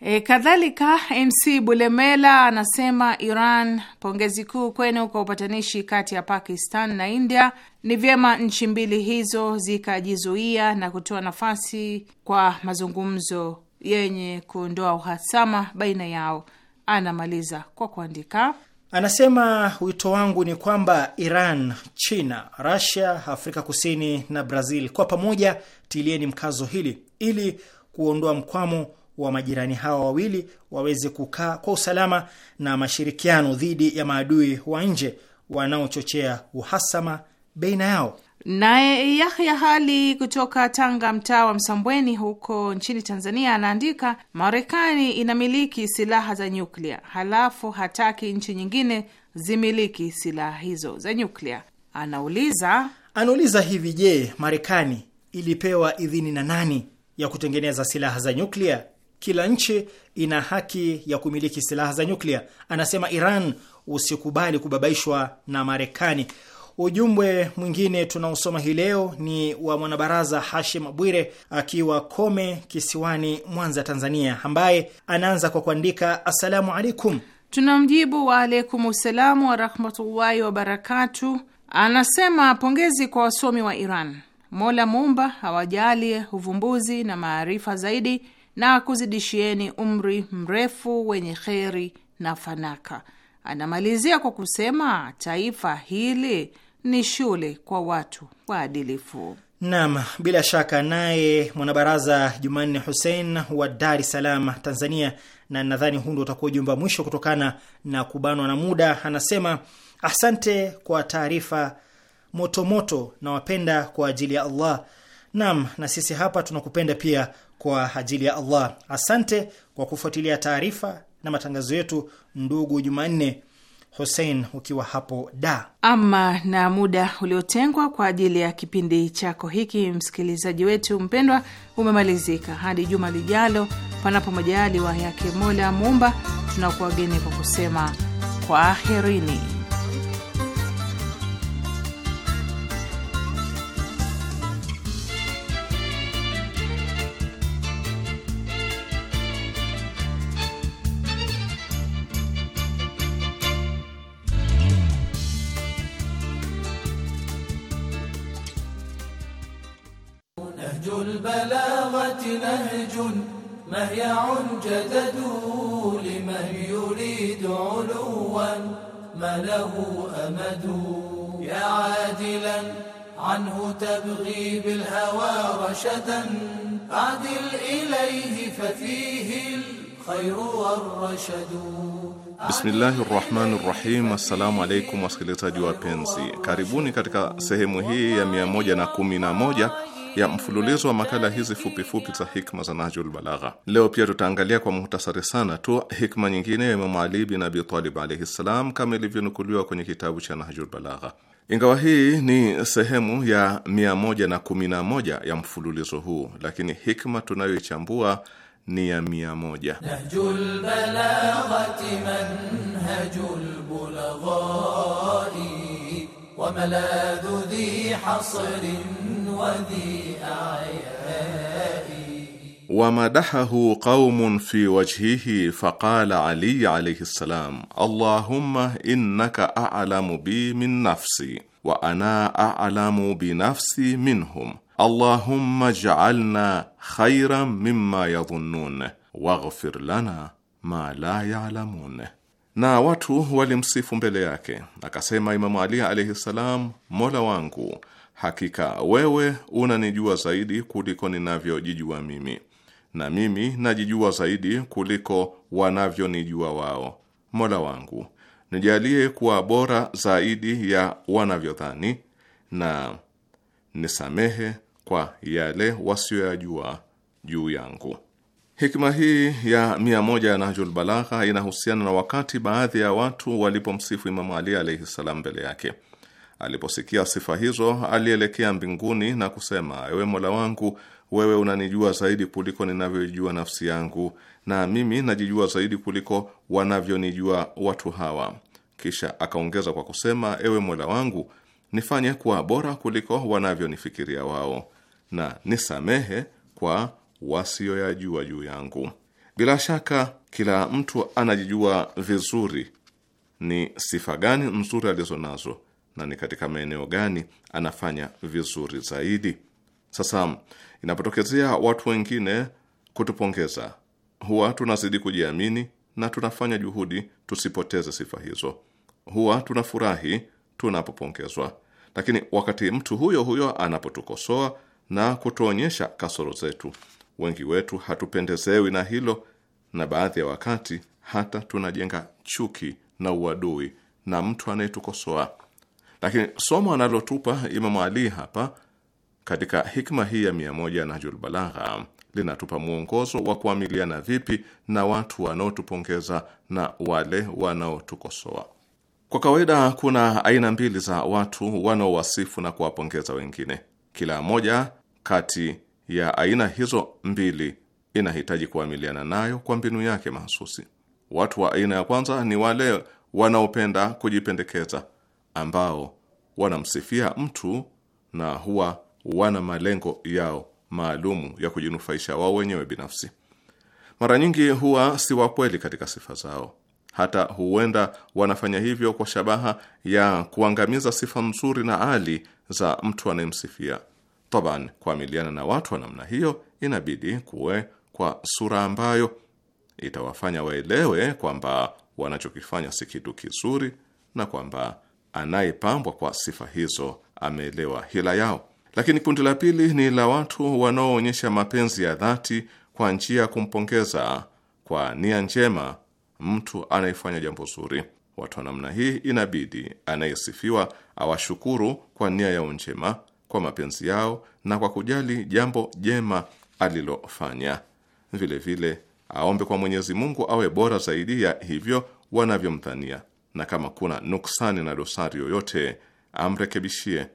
E, kadhalika MC Bulemela anasema Iran, pongezi kuu kwenu kwa upatanishi kati ya Pakistan na India. Ni vyema nchi mbili hizo zikajizuia na kutoa nafasi kwa mazungumzo yenye kuondoa uhasama baina yao. Anamaliza kwa kuandika Anasema wito wangu ni kwamba Iran, China, rasia Afrika Kusini na Brazil kwa pamoja tilieni mkazo hili ili kuondoa mkwamo wa majirani hawa wawili waweze kukaa kwa usalama na mashirikiano dhidi ya maadui wa nje wanaochochea uhasama baina yao. Naye Yahya Hali kutoka Tanga, mtaa wa Msambweni huko nchini Tanzania, anaandika Marekani inamiliki silaha za nyuklia, halafu hataki nchi nyingine zimiliki silaha hizo za nyuklia. Anauliza anauliza hivi, je, Marekani ilipewa idhini na nani ya kutengeneza silaha za nyuklia? Kila nchi ina haki ya kumiliki silaha za nyuklia. Anasema Iran usikubali kubabaishwa na Marekani. Ujumbe mwingine tunaosoma hii leo ni wa mwanabaraza Hashim Bwire akiwa Kome kisiwani Mwanza, Tanzania, ambaye anaanza kwa kuandika assalamu alaikum. Tunamjibu waalaikumsalamu warahmatullahi wabarakatu. Anasema pongezi kwa wasomi wa Iran, Mola mumba hawajali uvumbuzi na maarifa zaidi na kuzidishieni umri mrefu wenye kheri na fanaka. Anamalizia kwa kusema taifa hili ni shule kwa watu waadilifu. Naam, bila shaka. Naye mwanabaraza Jumanne Hussein wa Dar es Salaam, Tanzania, na nadhani huu utakuwa ujumbe wa mwisho kutokana na kubanwa na muda, anasema asante kwa taarifa motomoto na wapenda kwa ajili ya Allah. Naam, na sisi hapa tunakupenda pia kwa ajili ya Allah. Asante kwa kufuatilia taarifa na matangazo yetu, ndugu Jumanne Hussein ukiwa hapo da. Ama na muda uliotengwa kwa ajili ya kipindi chako hiki, msikilizaji wetu mpendwa, umemalizika. Hadi juma lijalo, panapo majaliwa yake Mola Muumba, tunakuwageni kwa kusema kwaherini. مهيع جدد لمن يريد علوا ما له أمد يا عادلا عنه تبغي بالهوى رشدا أعدل إليه ففيه الخير والرشد Bismillahi rahmani rahim. Assalamu alaikum wasikilizaji wapenzi, karibuni katika sehemu hii ya mia moja na kumi na moja ya mfululizo wa makala hizi fupifupi za hikma za Nahjul Balagha. Leo pia tutaangalia kwa muhtasari sana tu hikma nyingine ya Imamu Ali bin Abi Talib alaihi ssalam, kama ilivyonukuliwa kwenye kitabu cha Nahjul Balagha. Ingawa hii ni sehemu ya 111 ya mfululizo huu, lakini hikma tunayoichambua ni ya 100. Nahjul Balagha manhajul bulagha وملاذ ذي حصر وذي أعياء ومدحه قوم في وجهه فقال علي عليه السلام اللهم إنك أعلم بي من نفسي وأنا أعلم بنفسي منهم اللهم اجعلنا خيرا مما يظنون واغفر لنا ما لا يعلمون na watu walimsifu mbele yake. Akasema Imamu Ali alaihi salam, mola wangu, hakika wewe unanijua zaidi kuliko ninavyojijua mimi, na mimi najijua zaidi kuliko wanavyonijua wao. Mola wangu, nijalie kuwa bora zaidi ya wanavyodhani, na nisamehe kwa yale wasiyoyajua juu yangu. Hikma hii ya mia moja ya Nahjul Balagha inahusiana na wakati baadhi ya watu walipomsifu Imamu Ali alaihi ssalam mbele yake. Aliposikia sifa hizo, alielekea mbinguni na kusema: ewe Mola wangu, wewe unanijua zaidi kuliko ninavyojua nafsi yangu, na mimi najijua zaidi kuliko wanavyonijua watu hawa. Kisha akaongeza kwa kusema: ewe Mola wangu, nifanye kuwa bora kuliko wanavyonifikiria wao, na nisamehe kwa wasiyoyajua juu yangu. Bila shaka kila mtu anajijua vizuri ni sifa gani nzuri alizo nazo na ni katika maeneo gani anafanya vizuri zaidi. Sasa inapotokezea watu wengine kutupongeza, huwa tunazidi kujiamini na tunafanya juhudi tusipoteze sifa hizo. Huwa tunafurahi tunapopongezwa, lakini wakati mtu huyo huyo anapotukosoa na kutuonyesha kasoro zetu, Wengi wetu hatupendezewi na hilo, na baadhi ya wakati hata tunajenga chuki na uadui na mtu anayetukosoa. Lakini somo analotupa Imamu Ali hapa katika hikma hii ya mia moja Nahjul Balagha linatupa mwongozo wa kuamiliana vipi na watu wanaotupongeza na wale wanaotukosoa. Kwa kawaida kuna aina mbili za watu wanaowasifu na kuwapongeza wengine. Kila moja kati ya aina hizo mbili inahitaji kuamiliana nayo kwa mbinu yake mahsusi. Watu wa aina ya kwanza ni wale wanaopenda kujipendekeza, ambao wanamsifia mtu na huwa wana malengo yao maalumu ya kujinufaisha wao wenyewe binafsi. Mara nyingi huwa si wakweli katika sifa zao, hata huenda wanafanya hivyo kwa shabaha ya kuangamiza sifa nzuri na ali za mtu anayemsifia. Taban, kuamiliana na watu wa namna hiyo inabidi kuwe kwa sura ambayo itawafanya waelewe kwamba wanachokifanya si kitu kizuri na kwamba anayepambwa kwa sifa hizo ameelewa hila yao. Lakini kundi la pili ni la watu wanaoonyesha mapenzi ya dhati kwa njia ya kumpongeza kwa nia njema mtu anayefanya jambo zuri. Watu wa namna hii inabidi anayesifiwa awashukuru kwa nia yao njema kwa mapenzi yao na kwa kujali jambo jema alilofanya. vilevile vile aombe kwa Mwenyezi Mungu awe bora zaidi ya hivyo wanavyomdhania, na kama kuna nuksani na dosari yoyote amrekebishie.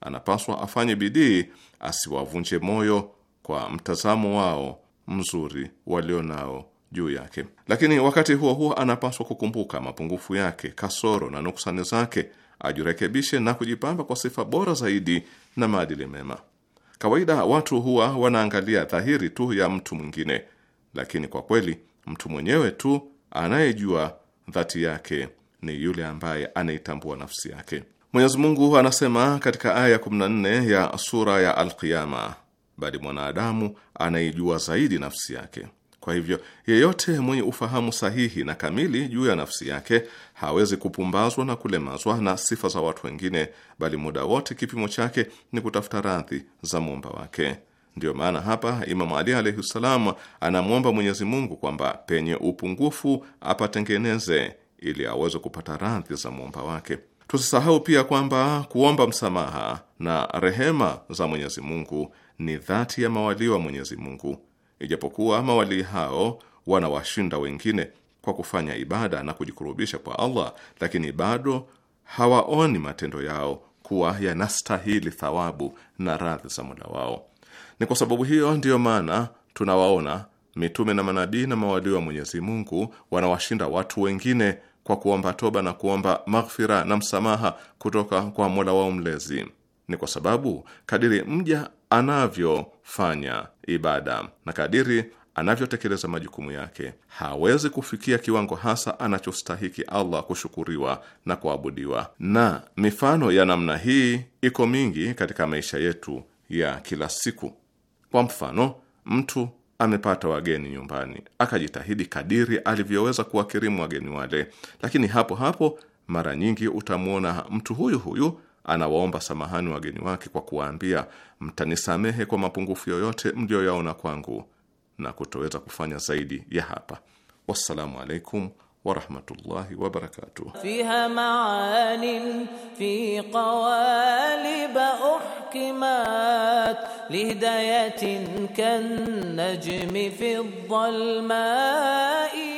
Anapaswa afanye bidii, asiwavunje moyo kwa mtazamo wao mzuri walio nao juu yake, lakini wakati huo huo anapaswa kukumbuka mapungufu yake, kasoro na nuksani zake, ajirekebishe na kujipamba kwa sifa bora zaidi na maadili mema. Kawaida watu huwa wanaangalia dhahiri tu ya mtu mwingine, lakini kwa kweli mtu mwenyewe tu anayejua dhati yake ni yule ambaye anaitambua nafsi yake. Mwenyezi Mungu anasema katika aya ya 14 ya sura ya alqiama bali mwanadamu anaijua zaidi nafsi yake. Kwa hivyo yeyote mwenye ufahamu sahihi na kamili juu ya nafsi yake hawezi kupumbazwa na kulemazwa na sifa za watu wengine, bali muda wote kipimo chake ni kutafuta radhi za muumba wake. Ndiyo maana hapa Imamu Ali alaihi ssalam anamwomba Mwenyezi Mungu kwamba penye upungufu apatengeneze ili aweze kupata radhi za muumba wake. Tusisahau pia kwamba kuomba msamaha na rehema za Mwenyezi Mungu ni dhati ya mawaliwa Mwenyezi Mungu ijapokuwa mawalii hao wanawashinda wengine kwa kufanya ibada na kujikurubisha kwa Allah, lakini bado hawaoni matendo yao kuwa yanastahili thawabu na radhi za Mola wao. Ni kwa sababu hiyo ndiyo maana tunawaona mitume na manabii na mawalii wa Mwenyezi Mungu wanawashinda watu wengine kwa kuomba toba na kuomba maghfira na msamaha kutoka kwa Mola wao mlezi. Ni kwa sababu kadiri mja anavyofanya ibada, na kadiri anavyotekeleza majukumu yake hawezi kufikia kiwango hasa anachostahiki Allah kushukuriwa na kuabudiwa. Na mifano ya namna hii iko mingi katika maisha yetu ya kila siku. Kwa mfano, mtu amepata wageni nyumbani, akajitahidi kadiri alivyoweza kuwakirimu wageni wale, lakini hapo hapo mara nyingi utamwona mtu huyu huyu Anawaomba samahani wageni wake kwa kuwaambia, mtanisamehe kwa mapungufu yoyote mliyoyaona kwangu na kutoweza kufanya zaidi ya hapa. Wassalamu alaikum warahmatullahi wabarakatuh. fiha maanin fi qawaliba fi dhalmai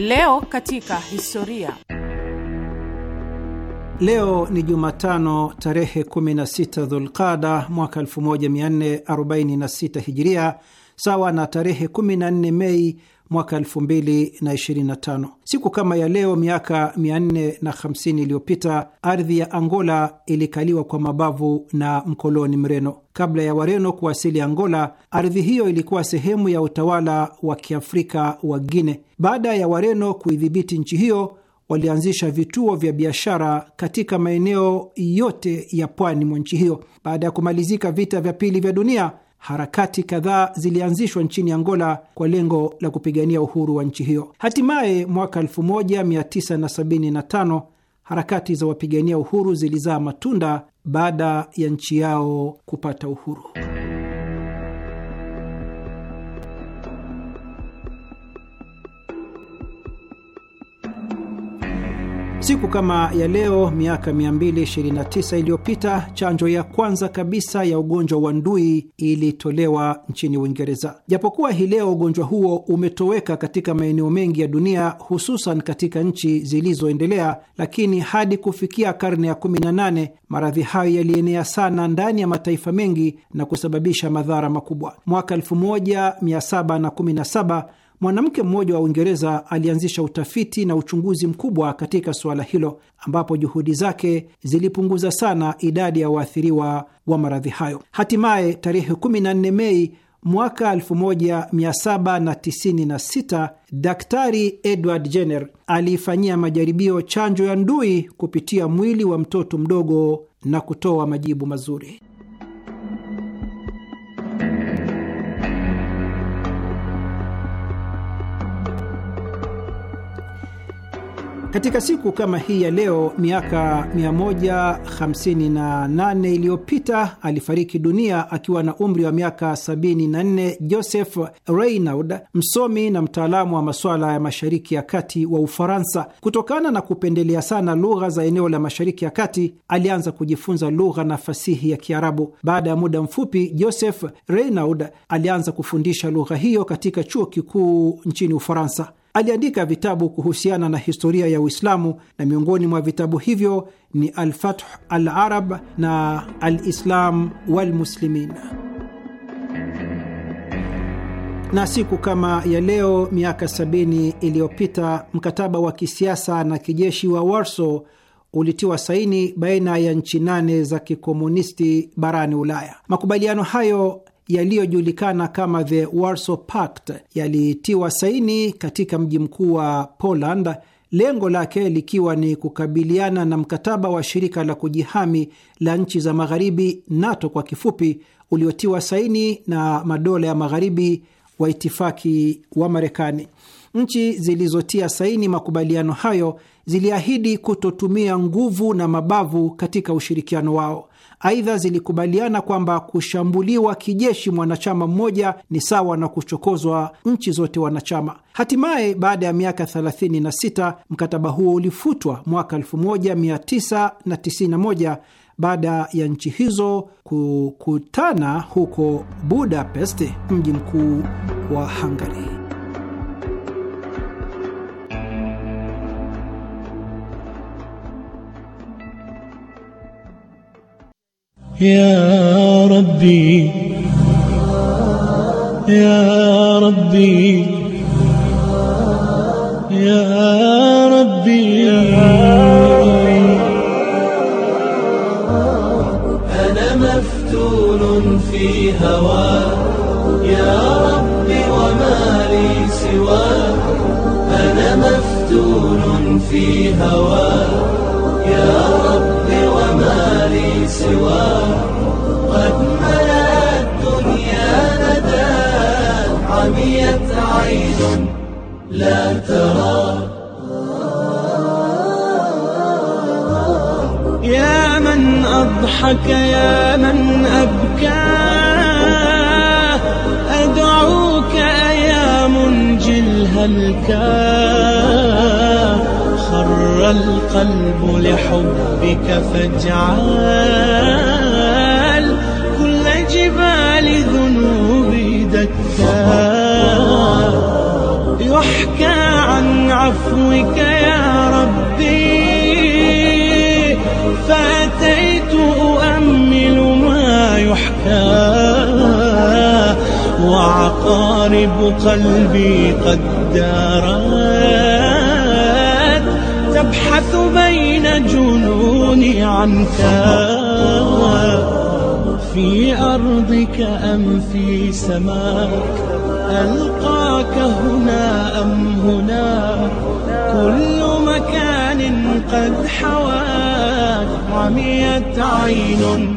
Leo katika historia. Leo ni Jumatano tarehe 16 Dhulqada mwaka 1446 Hijiria, sawa na tarehe 14 Mei mwaka 2025. Siku kama ya leo miaka 450 iliyopita ardhi ya Angola ilikaliwa kwa mabavu na mkoloni Mreno. Kabla ya Wareno kuwasili Angola, ardhi hiyo ilikuwa sehemu ya utawala wa Kiafrika wa Guine. Baada ya Wareno kuidhibiti nchi hiyo, walianzisha vituo vya biashara katika maeneo yote ya pwani mwa nchi hiyo. Baada ya kumalizika vita vya pili vya dunia harakati kadhaa zilianzishwa nchini Angola kwa lengo la kupigania uhuru wa nchi hiyo. Hatimaye mwaka 1975 harakati za wapigania uhuru zilizaa matunda baada ya nchi yao kupata uhuru. Siku kama ya leo miaka 229 iliyopita chanjo ya kwanza kabisa ya ugonjwa wa ndui ilitolewa nchini Uingereza. Japokuwa hii leo ugonjwa huo umetoweka katika maeneo mengi ya dunia, hususan katika nchi zilizoendelea, lakini hadi kufikia karne ya 18 maradhi hayo yalienea sana ndani ya mataifa mengi na kusababisha madhara makubwa. Mwaka 1717 Mwanamke mmoja wa Uingereza alianzisha utafiti na uchunguzi mkubwa katika suala hilo, ambapo juhudi zake zilipunguza sana idadi ya waathiriwa wa maradhi hayo. Hatimaye tarehe 14 Mei mwaka 1796 Daktari Edward Jenner aliifanyia majaribio chanjo ya ndui kupitia mwili wa mtoto mdogo na kutoa majibu mazuri. Katika siku kama hii ya leo miaka 158 iliyopita alifariki dunia akiwa na umri wa miaka 74 Joseph reynald msomi na mtaalamu wa masuala ya Mashariki ya Kati wa Ufaransa. Kutokana na kupendelea sana lugha za eneo la Mashariki ya Kati, alianza kujifunza lugha na fasihi ya Kiarabu. Baada ya muda mfupi, Joseph reynald alianza kufundisha lugha hiyo katika chuo kikuu nchini Ufaransa. Aliandika vitabu kuhusiana na historia ya Uislamu na miongoni mwa vitabu hivyo ni Alfath Alarab na Alislam Walmuslimin. Na siku kama ya leo miaka sabini iliyopita mkataba wa kisiasa na kijeshi wa Warsaw ulitiwa saini baina ya nchi nane za kikomunisti barani Ulaya. Makubaliano hayo yaliyojulikana kama the Warsaw Pact yaliitiwa saini katika mji mkuu wa Poland, lengo lake likiwa ni kukabiliana na mkataba wa shirika la kujihami la nchi za magharibi NATO kwa kifupi, uliotiwa saini na madola ya magharibi wa itifaki wa Marekani. Nchi zilizotia saini makubaliano hayo ziliahidi kutotumia nguvu na mabavu katika ushirikiano wao. Aidha, zilikubaliana kwamba kushambuliwa kijeshi mwanachama mmoja ni sawa na kuchokozwa nchi zote wanachama. Hatimaye, baada ya miaka 36 mkataba huo ulifutwa mwaka 1991 baada ya nchi hizo kukutana huko Budapest, mji mkuu wa Hungary. يا ربي يا ربي يا ربي أنا مفتون في هوى يا ربي وما لي سوى أنا مفتون في هوى يا ربي سواه قد ملأ الدنيا ندى عميت عين لا ترى يا من أضحك يا من أبكى أدعوك يا منجي الهلكى خر القلب لحبك فاجعل كل جبال ذنوبي دكا يحكى عن عفوك يا ربي فأتيت أؤمل ما يحكى وعقارب قلبي قد دارت تبحث بين جنوني عنك في أرضك أم في سماك ألقاك هنا أم هناك كل مكان قد حواك عميت عين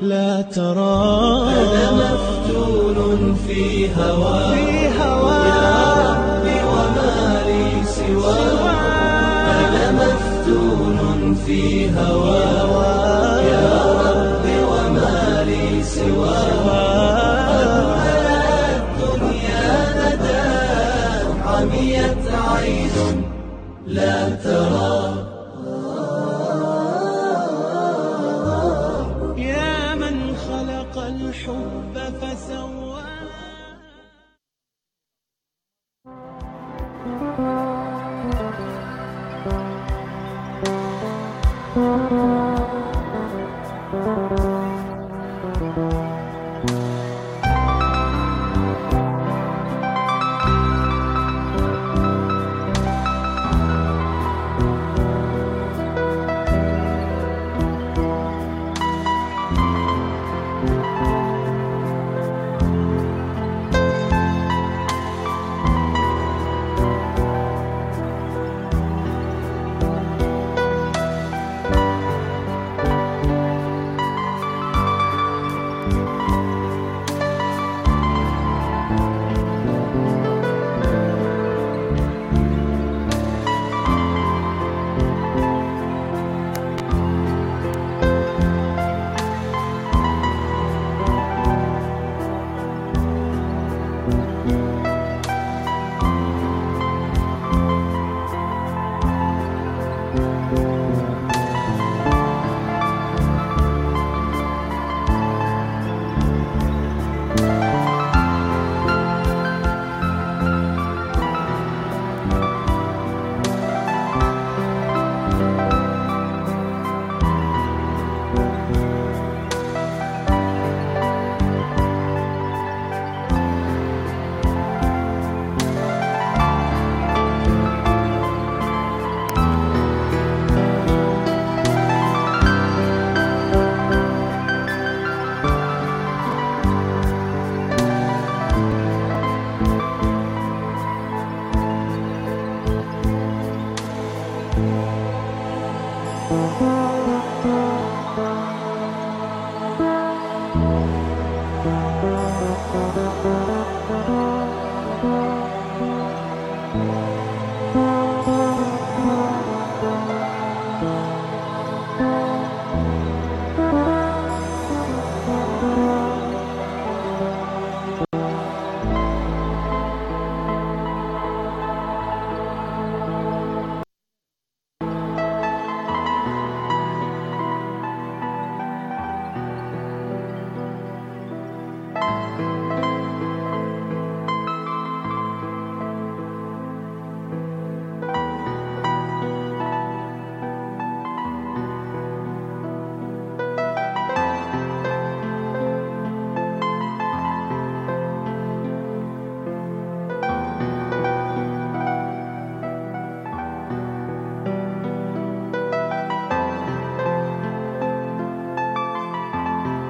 لا ترى أنا مفتون في هواك في هواك يا ربي وما لي سواك في هواك يا رب وما لي سواك الدنيا ندى عميت عين لا ترى